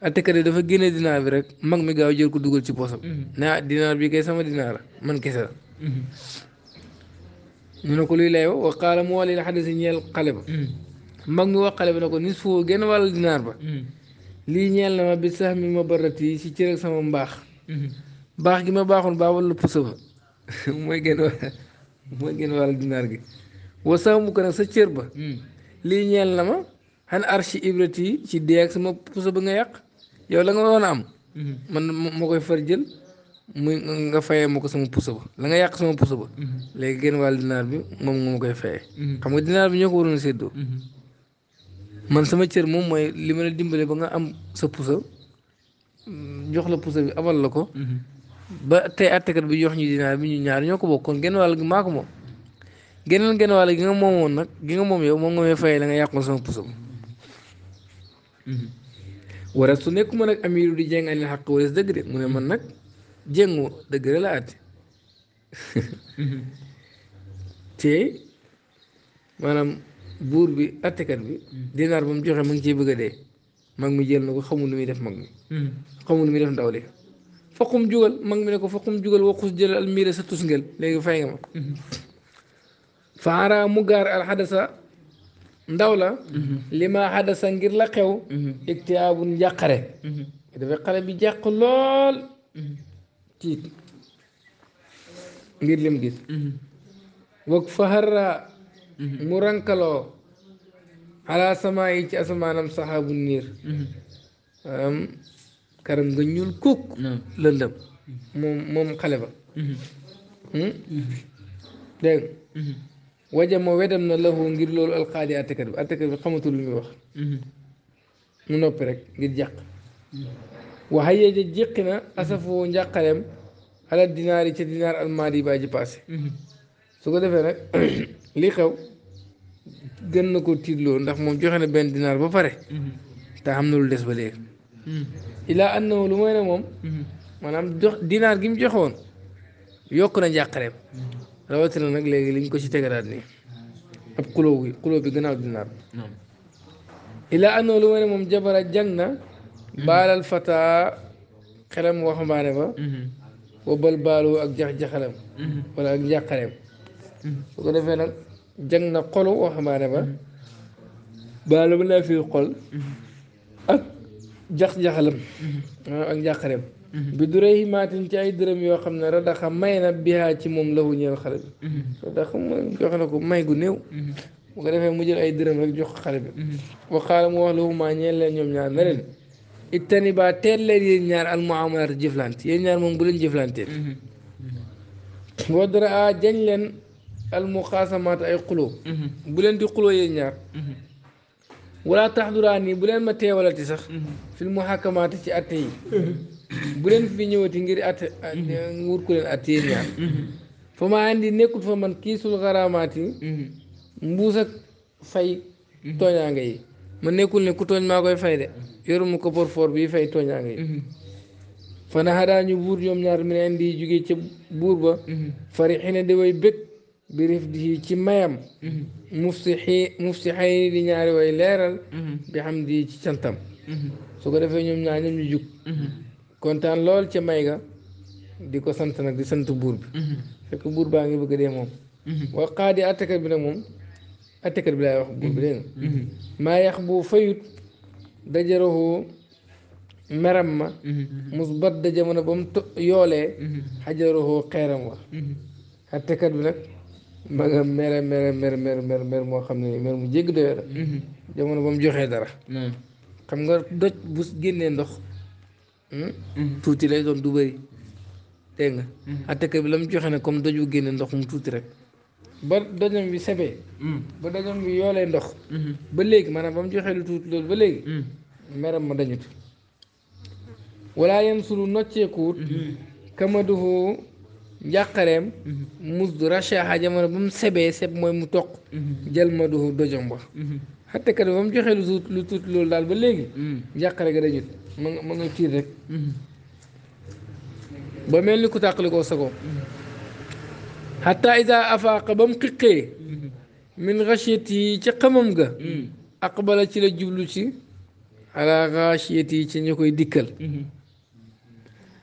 attekat dafa génne dinaar bi rek mag mi gaaw jël ko dugal ci poosam naa dinaar bi kay sama dinaar man kese la ñu ne ko luy lay wa qaala mu wàlil xadasi ñeel mag mi wax xale ne ko nis foo genn wàll dinaar ba lii ñeel na ma bi sax mi ma barat yi ci cër ak sama mbaax mhm. baax gi ma baaxoon baa walla puso ba mooy gën mooy dinaar gi wa sax mu ko nag sa cër ba mhm. lii ñeel na ma xan archi ibrat yi ci dee ak sama puso ba nga yàq yow la nga waroon a am mhm. man moo koy far jël muy nga fayee ma ko sama puso ba la nga yàq sama puso ba léegi gën wàll dinaar bi moom nga ma koy faye xam nga dinaar bi ñoo ko waroon seddoo man sama cër moom mooy li ma la dimbale ba nga am sa pusa mm, jox la pusa bi abal la ko mm-hmm. ba tey attekat bi jox ñi dinaar bi ñu ñaar ñoo ko bokkoon genn wàll gi maa ko moom geneen genn gi nga moomoon nag gi nga moom yow moom nga may fayee la nga yàqoon sama pusa ba mm-hmm. wara su nekkuma nag amiru di jéng anil xaq wala dëgg de mu ne man nag jéngu dëgg la la àtte mm-hmm. te maanaam buur bi attekat bi dinaar ba mu joxe ma ngi ciy bëgg a dee mag mi jël na ko xamul nu muy def mag mi xamul nu muy def ndaw li faqum jugal mag mi ne ko faqum jugal waxus jël al miira sa tusngel léegi fay nga ma faara mu gaar al xadasa ndaw la li ma xadasa ngir la xew ictiyaabun njàqare dafa xale bi jàq lool tiit ngir lim gis wag faxara Mm-hmm. mu rankaloo ala sama yi ci asamaanam saxaabu niir maanaam mm-hmm. karam nga ñuul kukk lëndëm mm-hmm. moom moom xale ba hmm? dégg waja ma wedam na lahu ngir loolu alqaadi attekat bi attekat bi xamatul lu muy wax mu noppi rek ngir jàq waxa yeeja jéqi na asafoo njàqaleem ala dinaar yi ca dinaar almaadi ba ji passé su ko defee nag li xew gën na ko tiitloo ndax moom joxe na benn dinaar ba pare mm-hmm. te am na lu des ba léegi mm-hmm. ilaa and na lu mooy ne moom mm-hmm. maanaam jox dinaar gi mu joxe woon yokk na rawatina nag léegi liñ ko ci tegaraat nii ab xuloo bi xuloo bi gannaaw dinaar ilaa moom jabara jàng na baalal fataa xelam waxambaane ba wa bal baaloo ak jax jaxalam ak njàqareem su ko defee nag جن قل وحمانة ما بالو لا في قل أك جخ جخلم أك جخرم بدريه ما تنتهي درم يو خمنا را داخا ماي بها تي موم لو نيال خالب داخا ما جخلكو ماي غو نيو مو غا دافاي مو جيل اي درم رك جخ خالب وقال مو له ما نيال لا نيوم نيال نارين اتني با تيل لي نيار المعاملات جفلانت يي نيار موم بولن جفلانت ودرا جن لين al muqaasamaat ay xuloo mhm. bu leen di xuloo yéen ñaar mhm. wala taxduraan yi bu leen ma teewalati sax mhm. fil muhakamaati ci atte yi bu leen fi ñëwati ngir at wut ku leen at man kii sul xaraamaat yi mbuus ak fay tooñaanga yi ma nekkul ne ku tooñ maa koy fay de yoru mu ko porfor bii fay tooñaanga yi fanaxadaa ñu buur ñoom ñaar mi ne indi jóge ca buur ba fari xina di way bëgg birif di ci mayam mm-hmm. mufsixi mufsixayni di ñaari leeral mm-hmm. bi xam di ci cantam mm-hmm. su ko defee ñoom ñaar kontaan lool ca may di ko sant nag di sant buur bi buur baa ngi bëgg dee moom wa bi nag moom bi laay wax buur bi dégg nga da jamono ba mu yoolee xajarohu xeeram wax attekat bi nag ma nga mere mere mere mere mere moo xam ne mer mu jégg doyo mhm. jamono ba mu joxee dara xam nga doj bu génnee ndox hmm? mhm. tuuti lay doon du bëri dégg nga mhm. attekat bi la mu joxe ne comme doj bu génnee ndox mu tuuti rek ba dojam bi sebee ba dojam bi yoolee ndox ba léegi maanaam ba mu joxee lu tuuti loolu ba léegi meram ma dañut walaa yem sulu nocceekuut kamaduhu njàqareem mhm. musdura shaaxa jamono ba mu sebee seb mooy mu toq mhm. jël ma du dojom ba mhm. xatte kat ba mu joxee lu tuut loolu daal ba léegi njàqare ga dañut ma nga ma nga tiit rek ba mel ni ku tàqalikoo sago xatta isa afaaqa ba mu xiqee min xasiyat yi ca xamam ga aqbala ci la jublu ci ala xasiyat yi ci ñu koy dikkal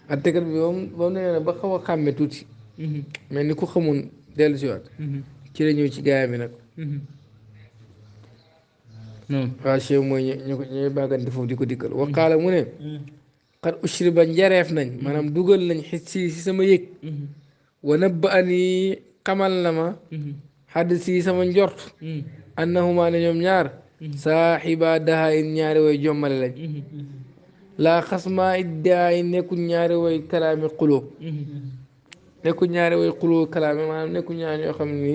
attekat bi moom moom nee na ba xaw a xàmme tuuti. Mm-hmm. mais ni ku xamoon dellu si waat. Mm-hmm. ci la ñëw ci gaayam bi nag. Mm-hmm. non waa mooy ñu ñu bàggante foofu di ko dikkal. waqaala mu ne. xar ushri ba njareef nañ. maanaam dugal nañ xis si si sama yëg. wa nabba ani xamal na ma. xadd si sama njort. annahuma ne ñoom ñaar. saaxiba daha in ñaari way jommale lañ. laa xasmaa iddaay nekkul ñaari way kalaami xuloo nekkul ñaari way xuloo kalaami maanaam nekkul ñaari yoo xam ni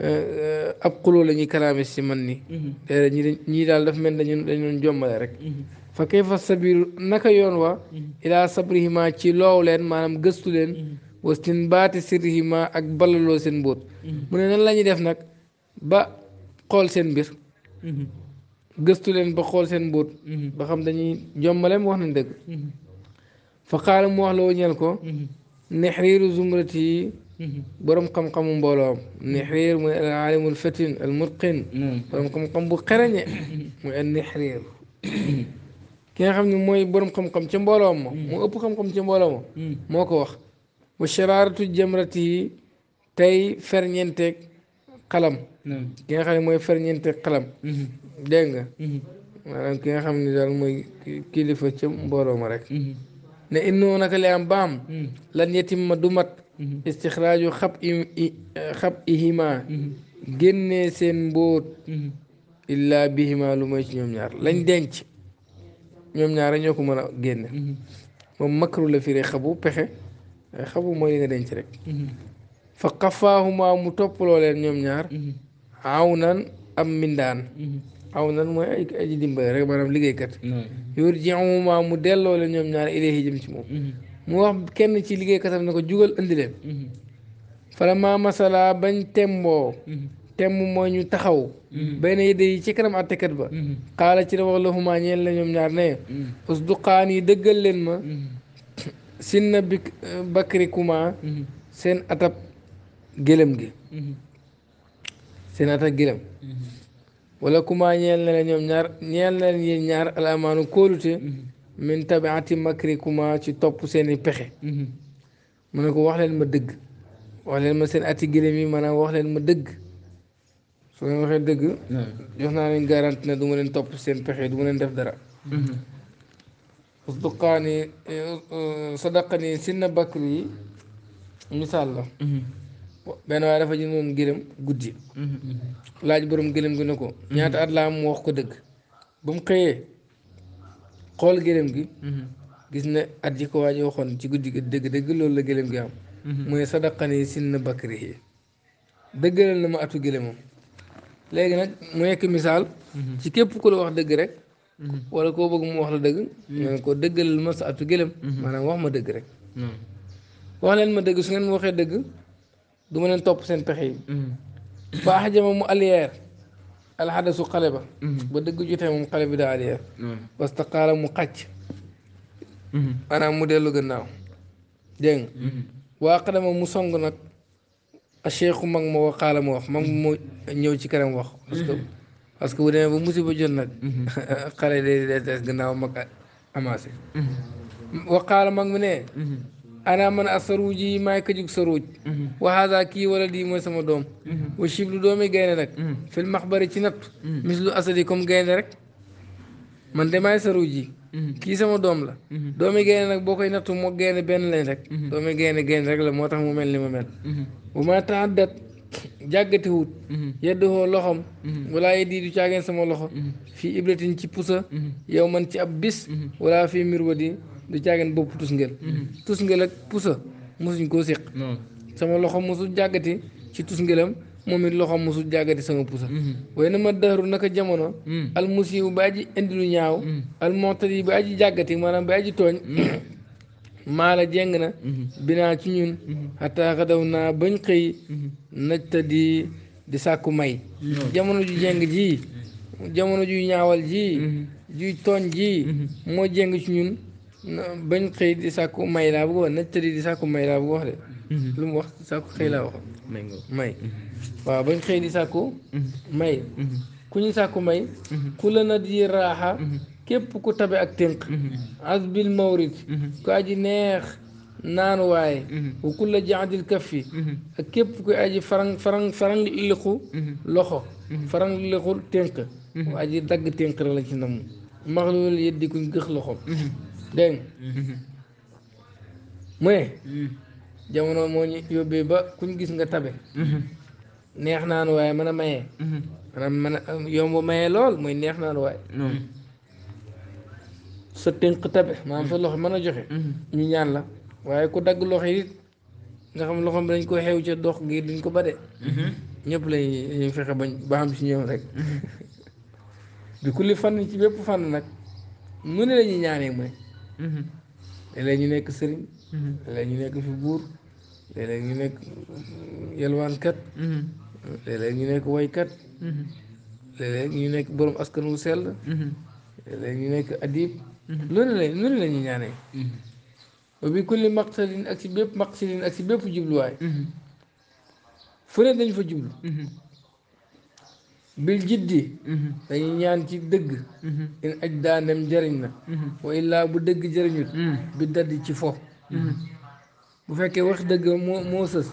eh, ab xuloo lañuy ñuy si man ni mm-hmm. ñi ñii daal daf mel dañu dañu jombale rek mm-hmm. fa fa sabiru naka yoon wa mm-hmm. ilaa sabrihima ci loow leen maanaam gëstu leen wastin baati sirrihima ak balaloo seen mbóot mu ne nan la ñuy def nag ba xool seen mbir gëstu leen ba xool seen mbóot mhm. ba xam dañuy jombaleem wax nañ dëgg mhm. fa xaaral mu wax la ñeel ko mhm. ne xiriiru zumrati yi borom xam-xamu mbooloom ne xiriir mooy al alimul fatin al mutqin borom xam-xam bu xereñe mooy al ne xiriir ki nga xam ne mooy borom xam-xam ca mbooloom ma moo ëpp xam-xam ca mbooloom ma moo ko wax wa sharaaratu jamrati yi tey ferñeenteeg xalam ki xam ne mooy ferñeente xalam dégg nga maanaam ki nga xam ne daal mooy kilifa ci mbooloo ma rek ne innoo naka li am baam lan yetim ma du mag istixraaju xab i xab ihima génnee seen mbóot illaa bihima lu mooy ci ñoom ñaar lañ denc ñoom ñaar ñoo ko mën a génne moom makru la firee xabu pexe xabu mooy li nga denc rek fa xafaahuma mu toppaloo leen ñoom ñaar mhm. aw nan am mbindaan mhm. aw mooy ay aji dimbale rek maanaam liggéeykat yóor jiamuma mu delloo leen ñoom ñaar ilayhi jëm ci moom mhm. mu wax kenn ci liggéeykatam ne ko jugal indi leen falamaa masala bañ temboo temb mooy ñu taxaw bay na yëdde yi ci kanam àttekat ba xaala ci la wax la ñeen la ñoom ñaar ne usduqaan yi dëggal leen ma sinna bi bakrikuma seen atap gëlëm gi seen at ak gëlëm wala kuma ñeel na la ñoom ñaar ñeel na leen yéen ñaar alamaanu kóolute min tabiati makri kuma ci topp seeni pexe mu ne ko wax leen ma dëgg wax leen ma seen ati gëlëm yi maanaam wax leen ma dëgg su leen waxee dëgg jox naa leen garanti ne du ma leen topp seen pexe du ma leen def dara usduqaani sadaqani sinna bakri yi misaal la benn waaye dafa jëndoon gëlëm guddi laaj borom gëlëm gi ne ko ñaata at laa am wax ko dëgg ba mu xëyee xool gëlëm gi gis ne at ji ko waaj waxoon ci guddi gi dëgg dëgg loolu la gëlëm gi am mooy sadaqani sinna bakri yi dëggalal na ma atu gëlëmam léegi nag mu nekk misaal ci képp ku la wax dëgg rek wala koo bëgg mu wax la dëgg nga ko dëggalal ma sa atu gëlëm maanaam wax ma dëgg rek wax ma dëgg su ngeen waxee dëgg du ma topp seen pexe yi fa axjama mu aliyeer alxadasu xale ba mm-hmm. ba dëgg jotee moom xale bi daa aliyeer parce que mu xàcc mm-hmm. maanaam mu dellu gannaaw dégg nga mm-hmm. waa xadama mu song nag a cheikhu mag ma wax xaala ma wax mag ma ñëw ci kanam wax parce que parce ana man a saruuj yi maay këjug saruuj mhm. waxaasa kii wala di mooy sama doom mhm. wa shiblu doomi gaynde nag mhm. fil ci natt mislu asadi gaynde rek man de maay saruuj sama doom la doomi gaynde nag boo koy nattu moo gaynde benn lañ rek doomi gaynde gaynde rek la moo tax mu mel ni ma mel bu ma taaddat jàggati wut yeddoo loxom wala yeddi du caageen sama loxo fii iblatin ci pusa yow man ci ab bis wala fii mirwadi du caagin bopp tusngel mhm. tusngel ak pusa mosuñ koo séq sama loxo mosul jàggati ci tusngelam moom it loxo mosul jàggati sama pusa mhm. waaye na ma dëru naka jamono mhm. al musiw bi aji indi lu ñaaw al moxtali bi aji jàggati maanaam bi aji tooñ maala jeng na binaa ci ñun xataa xadaw naa bañ xëy najta di sàkku may jamono ju jeng ji jamono juy ñaawal ji juy tooñ ji moo jeng ci ñun bañ xëy di sàkku may laa bëgg wax na tëri di sàkku may laa bëgg wax de mhm. lu mu wax sàkku xëy laa wax may mhm. waaw bañ xëy di sàkku mhm. may ku ñu sàkku may ku la nat yi raaxa képp ku tabe ak tënk asbil mawrid ku aji neex naan waaye wa ku la jaadil kaffi képp ku aji farang farang farang li illiqu loxo farang li illiqu tënk aji dagg tënk la ci namu maxlul yëddi kuñ gëx loxo dégg mu mm. jamono moo ñu yóbbee ba kuñ gis nga tabe mm-hmm. neex naan waaye mën a mayee mm-hmm. maanaam mën a yomb lool mooy neex naan waaye mm. sa tënk tabe maanaam mm. sa loxo mën a joxe mm-hmm. ñu ñaan la waaye ku dagg loxo yi nga xam loxo bi dañ ko xew ca dox ngir duñ ko bade ñëpp lañuy fexe bañ ba xam si ñoom rek bi kulli fànn ci bépp fànn nag mu ne lañuy ñaanee mooy Mm-hmm. léeg-léeg ñu nekk sëriñ mm-hmm. léeg-léeg ñu nekk fi buur léeg-léeg ñu nekk yelwaankat mm-hmm. léeg ñu nekk waykat léeg ñu nekk borom askan wu sell léeg-léeg ñu nekk adib loolu la loolu la ñu ñaanee ba bi ak si bépp maqsadin ak si bépp jubluwaay fu ne dañ fa jublu bil jiddi mhm. dañuy ñaan ci dëgg mhm. in aj daandem jëriñ na mhm. wa illaa bu dëgg jëriñut bi daddi ci fo bu fekkee wax dëgg moo moo sës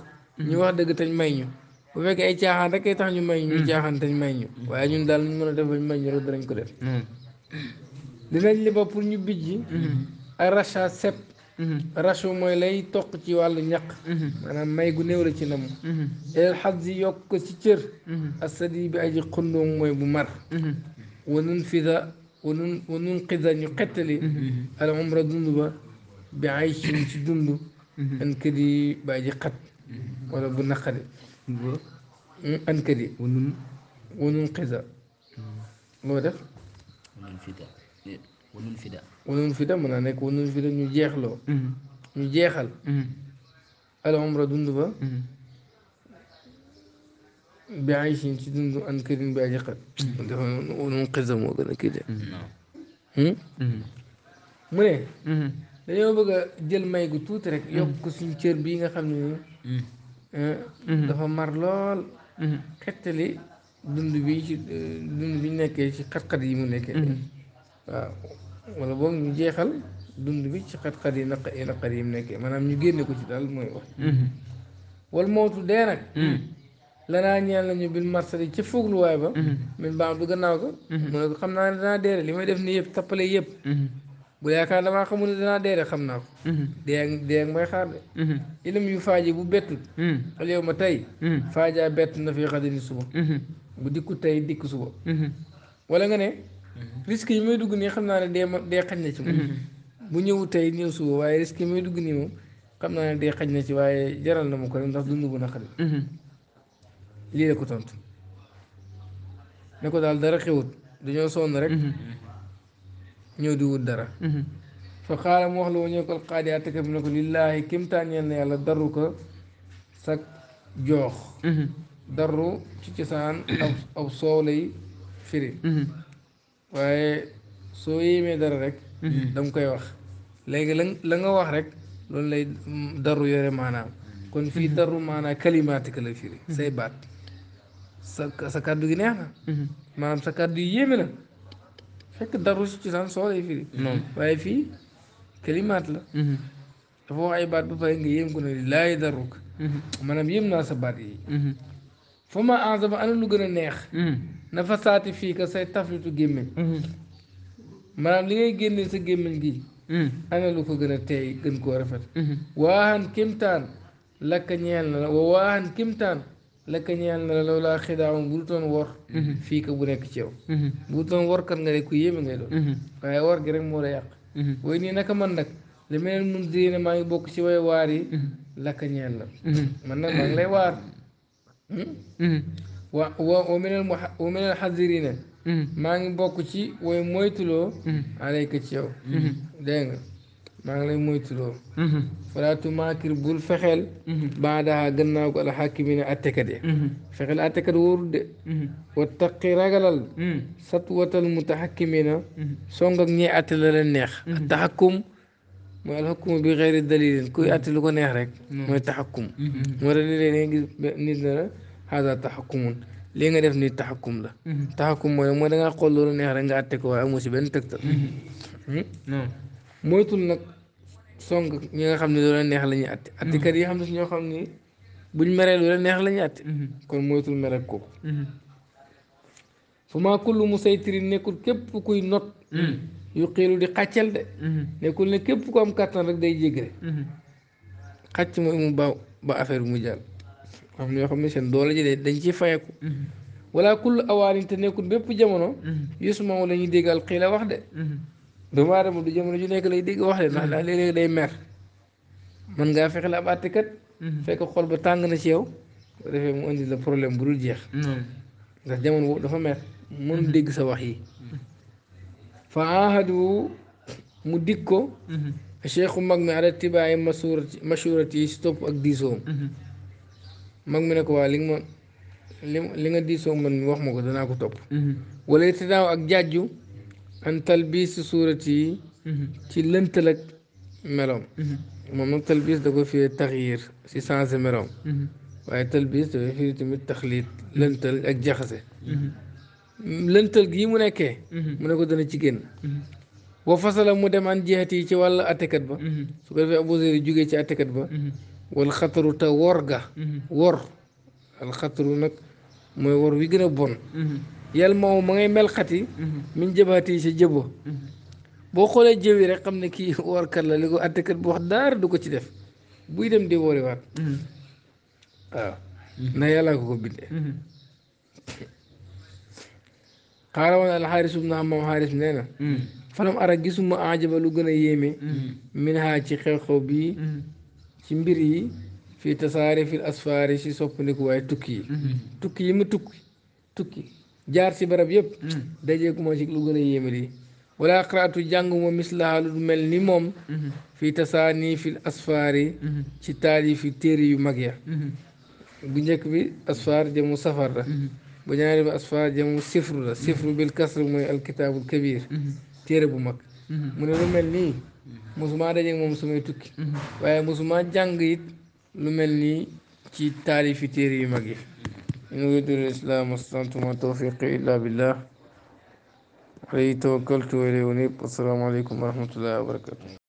ñu wax dëgg tañ may ñu bu fekkee ay caaxaan rek ay tax ñu may ñu caaxaan tañ may ñu waaye ñun daal ñu mën a def bañ may ñu rek danañ ko def dinañ liba pour ñu bijji ak sepp rasho mooy lay toq ci wàllu ñaq maanaam may gu néew la ci nam el hadzi yi yokk ko ci cër asadi bi aji xundoom mooy bu mar wanun fida wanun wanun xida ñu xettali al umra dund bi ay ci dund an kadi ba aji xat wala bu naqari an kadi wanun wanun xida loo def wanun fida wanun fida mën naa nekk wanun fida ñu jeexloo mhm. ñu jeexal mhm. al umra dund ba mhm. bi ay siin ci dund an kërin bi aji xat dafa moo gën a kii hmm? may gu tuuti rek yokk ko suñu xam ne eh, dafa mar lool xettali dund bi ci eh, dund bi nekkee ci xat-xat yi mu nekkee wala boog ñu jeexal dund bi ci xat-xat yi naq yi naqar yi mu nekkee maanaam ñu génne ko ci daal mooy wax mm-hmm. wal mootu dee nag mm-hmm. lanaa ñeel nañu bil marsali ci foogluwaay ba mm-hmm. min baam du gannaaw ko mu ne ko xam naa ne danaa deere li may def ni yëpp tappale yëpp bu yaakaar damaa xamul ne danaa deere xam naa ko dee ak dee ak may xaar de ilim yu faaji bu bettut xal ma tey faajaa bett na fi xadini suba bu dikku tey dikk suba wala nga ne Mhm. risque yi may dugg nii xam naa ne dee xaj na ci moom. Mhm. bu ñëw tey ñëw suba waaye risque yi may dugg nii moom xam naa ne dee xaj na ci waaye jaral na ma ko rek ndax dund bu naqari. Mhm. lii la ko tontu ne ko daal dara xewut dañoo sonn rek. ñëw di wut dara. fa xaaral wax la ñu ko xaadi àttekat bi ne ko lillaahi kim tànneel na yàlla daru ko sag joox. daru ci cosaan aw aw soow lay firi. waaye soo yéemee dara rek mhm. da koy wax léegi la la nga wax rek loolu lay daru yore maanaam kon fii mhm. daru maanaam kalimaatika la firi mhm. say baat sa kàddu gi neex na maanaam sa kàddu yi la fekk daru si cosaan soo firi waaye fii kalimaat la dafa wax ay baat ba pare nga yéem ko ne laay daruk maanaam yéem naa sa baat yi fa ma azama ana lu gën a neex nafa saati fii ka say taflitu gémmiñ maanaam li ngay génne sa gémmiñ gi ana lu ko gën a teey gën koo rafet waaxan kimtaan lakka ñeel na la wa waaxan kimtaan lakka ñeel na la loolu laa xidaam bu du toon wor fii ka bu nekk ci yow bu du toon wor kat nga de ku yéeme ngay doon waaye wor gi rek moo la yàq way nii naka man nag li meneen mun dirine maa ngi bokk ci way waar yi lakka ñeel man nag maa lay waar ومن ومن الحذرين ما بوكو شي وي مويتلو عليك تيو دين ما لي مويتلو فلا تماكر بول فخل بعدها غناكو الحاكمين اتكدي فخل اتكد ورد واتقي رجل سطوة المتحكمين سونغك ني اتل النخ التحكم ما الحكم بغير دليل كوي اتلو نيه رك التحكم ورني لي نيت hada taxakumun lii nga def ni taxakum la mhm. taxakum mooy mooy da ngaa xool loolu neex rek nga àtte ko waaye amoo si benn tegtal mhm. hmm? moytul nag song ñi nga xam ne loolu la ñuy àtte mhm. àttekat yi xam ne si ñoo xam ni neex la ñuy àtte kon moytul mere kooku fu mu kullu musaytirin nekkul képp kuy not yu xiilu di xàccal de nekkul ne képp ku am kàttan rek day jéggre xàcc mooy mu ba ba affaire mu jàll am na yoo xam ne seen doole ji dañ ciy fayeku mm-hmm. wala kull awaanin te nekkul bépp jamono mm-hmm. yusuma la déggal dégg alxiila wax de mm-hmm. doomu aadama du jamono ju nekk lay dégg wax de ndax ndax léeg-léeg day mer mën ngaa fexe la ab àttekat fekk xol ba tàng na ci yow bu defee mu indi la problème bu dul jeex ndax jamono boobu dafa mer mënul dégg sa wax yi fa ahadu mu dig ko cheikhu mag mi ala tibaay masurati masurati si topp ak diisoom mag mi ne ko waa li nga li nga diisoo man wax ma ko danaa ko topp mhm. wala itidaaw ak jaaju an talbiis suurat yi mhm. ci lëntal ak meloom mhm. moom nag talbiis da ko fiyee taxyir si changé meloom waaye talbiis dafay firi tamit taxliit lëntal ak jaxase lëntal gii mu nekkee mu ne ko dana ci génn wa mu dem an jeexat yi ci wàllu attekat ba su ko defee aboseri jógee ci attekat ba والخطر تورجا ور الخطر نك ما ور ويجنا بون يال ما هو معي ملقتي من جباتي سجبو بقول الجوي رقم نكي ور كلا لقو أتكر بحدار دو كتير بيدم دي وري وات آه. نيالا هو بيد قاروان الحارس ابن عمام حارس نينا فلم أرى جسم ما أعجب لغنا يمي منها تخيخو بي ci mbir yi fii tasaare fil asfaari si soppandiku waaye tukki yi mm-hmm. tukki yi mu tukki tukki jaar si barab yëpp mm. dajeeku ma ci lu gën a yéeme lii wala xaraatu jànguma mislaha lu mel ni moom mm-hmm. fii tasaani fil asfaari mm-hmm. ci taalifi téere yu mag ya bu njëkk bi asfaar jëmu safar la bu ñaari bi asfaar jëmu sifru la sifru bil kasr mooy alkitaabul kabir téere bu mag mu ne lu mel nii mosuma dajeeg moom samay tukki waaye mosuma jàng it lu mel nii ci taarifi téere yu mag yi in uriidu illal islaah mastata'tu tawfiiqi illaa billaah alayhi tawakkaltu wa ilayhi uniib assalaamu aleykum wa rahmatullaahi wa barakaatuh